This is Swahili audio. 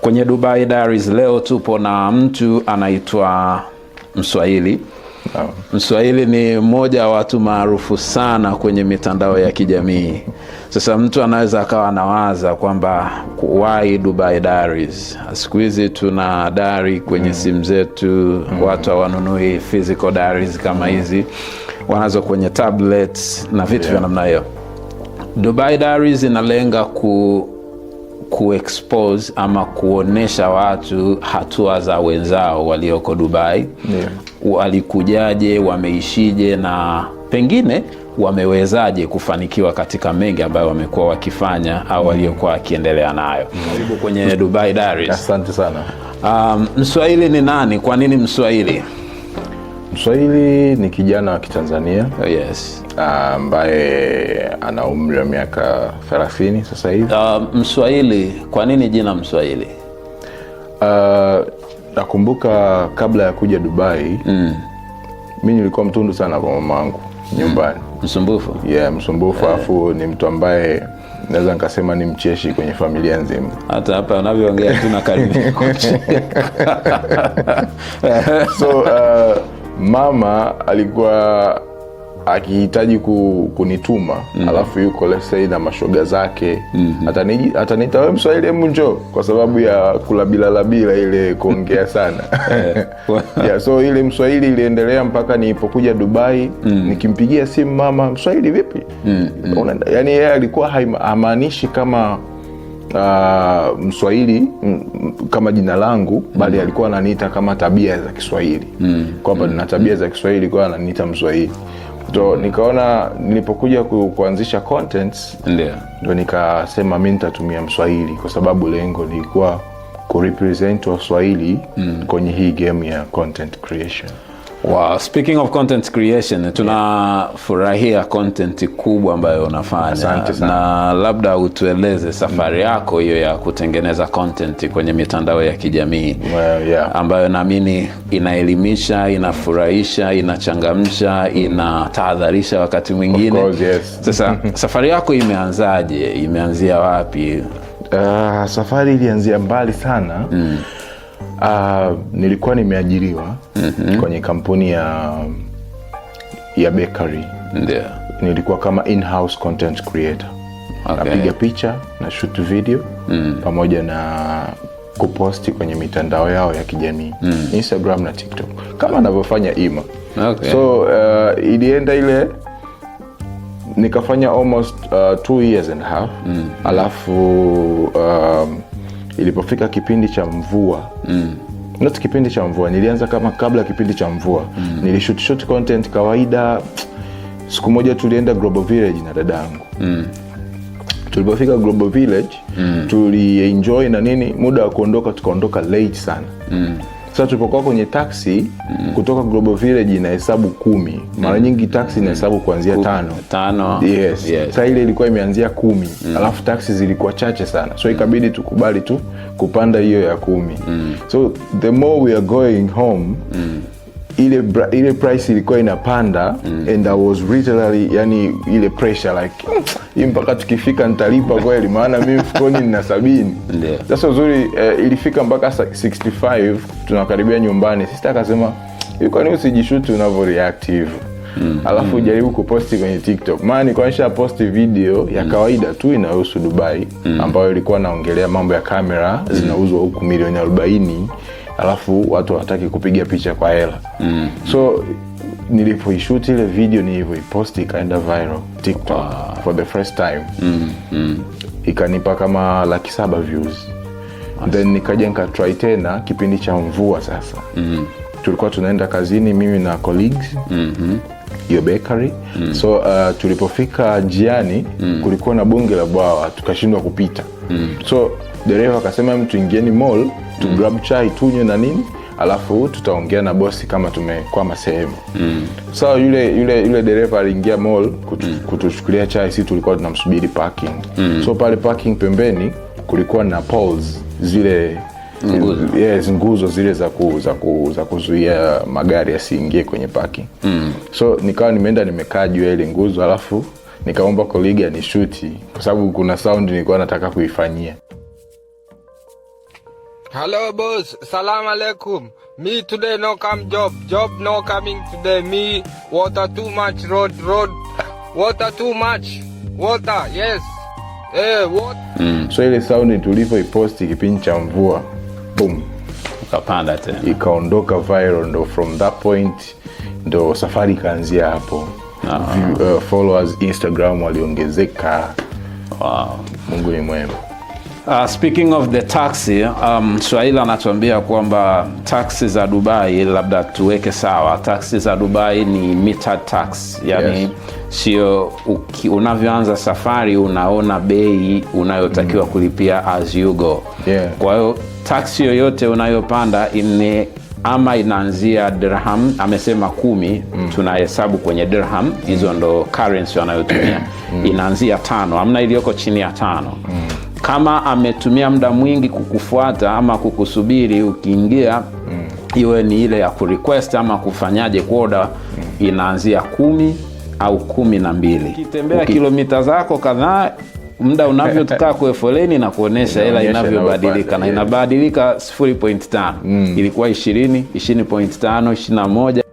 Kwenye Dubai Diaries leo tupo na mtu anaitwa Mswahili. Mswahili ni mmoja wa watu maarufu sana kwenye mitandao ya kijamii. Sasa mtu anaweza akawa anawaza kwamba why Dubai Diaries? Siku hizi tuna dari kwenye mm. simu zetu mm. watu hawanunui physical diaries kama mm. hizi, wanazo kwenye tablets na vitu vya namna hiyo. Dubai Diaries inalenga ku kuexpose ama kuonesha watu hatua za wenzao walioko Dubai yeah. Walikujaje, wameishije na pengine wamewezaje kufanikiwa katika mengi ambayo wamekuwa wakifanya au waliokuwa wakiendelea nayo. Karibu kwenye Dubai Diaries. Asante sana. Um, Mswahili ni nani? Kwa nini Mswahili? Mswahili ni kijana wa Kitanzania oh, yes, ah, ambaye ana umri wa miaka 30 sasa hivi. Uh, Mswahili, kwa nini jina Mswahili? Uh, nakumbuka kabla ya kuja Dubai mm. mi nilikuwa mtundu sana kwa mama wangu nyumbani, mm. msumbufu yeah, msumbufu eh. alafu yeah. ni mtu ambaye naweza nikasema ni mcheshi kwenye familia nzima. Hata hapa unavyoongea tu na karibia so uh, mama alikuwa akihitaji ku, kunituma mm -hmm. Alafu yuko lesei na mashoga zake mm -hmm. Ataniita we Mswahili, hebu njoo, kwa sababu ya kulabilalabila ile kuongea sana eh. yeah, so ile Mswahili iliendelea mpaka nilipokuja Dubai mm -hmm. Nikimpigia simu mama Mswahili vipi? mm -hmm. Yani yeye alikuwa hamaanishi kama uh, Mswahili kama jina langu bali mm. alikuwa ananiita kama tabia za Kiswahili mm. kwamba mm. nina tabia mm. za Kiswahili kwa ananiita Mswahili to mm. nikaona nilipokuja ku, kuanzisha contents ndo nikasema mi nitatumia Mswahili kwa sababu lengo lilikuwa kurepresent Waswahili mm. kwenye hii game ya content creation. Wow. Speaking of content creation, tunafurahia content kubwa ambayo unafanya. Na labda utueleze safari mm. yako hiyo ya kutengeneza content kwenye mitandao ya kijamii well, yeah. ambayo naamini inaelimisha, inafurahisha, inachangamsha, inatahadharisha wakati mwingine. yes. Sasa safari yako imeanzaje? Imeanzia wapi? Uh, safari ilianzia mbali sana mm. Uh, nilikuwa nimeajiriwa mm -hmm. kwenye kampuni ya ya bakery yeah. Nilikuwa kama in-house content creator okay. Napiga picha na shoot video mm. pamoja na kuposti kwenye mitandao yao ya kijamii mm. Instagram na TikTok kama anavyofanya Ima okay. So uh, ilienda ile nikafanya almost uh, two years and a half mm. alafu um, ilipofika kipindi cha mvua mm. Not kipindi cha mvua, nilianza kama kabla ya kipindi cha mvua mm. nilishutshut content kawaida. Siku moja tulienda Global Village na yangu mm. Tulipofika Global Village mm. Tulienjoy na nini, muda wa kuondoka tukaondoka late sana mm sasa tulipokuwa kwenye taksi mm. kutoka Global Village hesabu kumi mara mm. nyingi taksi ina hesabu mm. kuanzia tano, tano. Yes. Yes. Saa ile ilikuwa imeanzia kumi mm. alafu taksi zilikuwa chache sana so mm. ikabidi tukubali tu kupanda hiyo ya kumi mm. so the more we are going home mm ile ile price ilikuwa inapanda mm. and I was literally yani ile pressure like hii mpaka tukifika nitalipa kweli, maana mimi mfukoni nina sabini. Sasa uzuri uh, ilifika mpaka 65 tunakaribia nyumbani, sista akasema ilikuwa ni usijishuti unavyo reactive hivyo Mm, alafu mm. jaribu kuposti kwenye TikTok, maana nikuonyesha posti video ya mm. kawaida tu inayohusu Dubai mm. ambayo ilikuwa naongelea mambo ya kamera mm. zinauzwa huku milioni arobaini alafu watu hawataki kupiga picha kwa hela mm. so nilipoishut ile video nilivyoiposti ikaenda viral TikTok wow. Ah. for the first time mm. Mm. ikanipa kama laki saba views then nikaja nkatri tena kipindi cha mvua sasa mm. hmm tulikuwa tunaenda kazini mimi na colleagues mm-hmm hiyo bakery mm. so uh, tulipofika jiani mm. kulikuwa na bunge la bwawa tukashindwa kupita mm. so dereva akasema mtu ingieni mall tu mm. grab chai tunywe na nini, alafu tutaongea na bosi kama tumekwama sehemu mm. sa So, yule yule yule dereva aliingia mall kutu, mm. kutuchukulia chai, si tulikuwa tunamsubiri parking mm. So pale parking pembeni kulikuwa na poles zile nguzo yes, nguzo zile za ku, za ku, za kuzuia magari yasiingie kwenye parking mm. So nikawa nimeenda nimekaa juu ya ile nguzo, alafu nikaomba koligi anishuti kwa sababu kuna sound nilikuwa nataka kuifanyia Hello boss, salam alaikum. Me today no come job, job no coming today. Me water too much road, road water too much water yes. Eh, what? Mm. So ile saundi tulivyoiposti kipindi cha mvua boom, ukapanda tena ikaondoka viral, ndo from that point ndo safari ikaanzia hapo. Ah. Uh, followers Instagram waliongezeka. Wow. Mungu ni mwema. Uh, speaking of the taxi um, Swahili anatuambia kwamba taxi za Dubai labda tuweke sawa. Taxi za Dubai ni meter tax, yani yes. Sio unavyoanza safari unaona bei unayotakiwa mm. kulipia as you go yeah. Kwa hiyo taxi yoyote unayopanda ine ama inaanzia dirham amesema kumi mm. tunahesabu kwenye dirham hizo mm. ndo currency wanayotumia mm. inaanzia tano, amna iliyoko chini ya tano mm. Kama ametumia muda mwingi kukufuata ama kukusubiri ukiingia, mm. iwe ni ile ya kurequest ama kufanyaje kuoda, mm. inaanzia kumi au kumi na mbili. Ukitembea Uki... kilomita zako kadhaa muda unavyotukaa kwe foleni na kuonesha hela inavyobadilika na inabadilika 0.5 mm. ilikuwa 20, 20.5, 21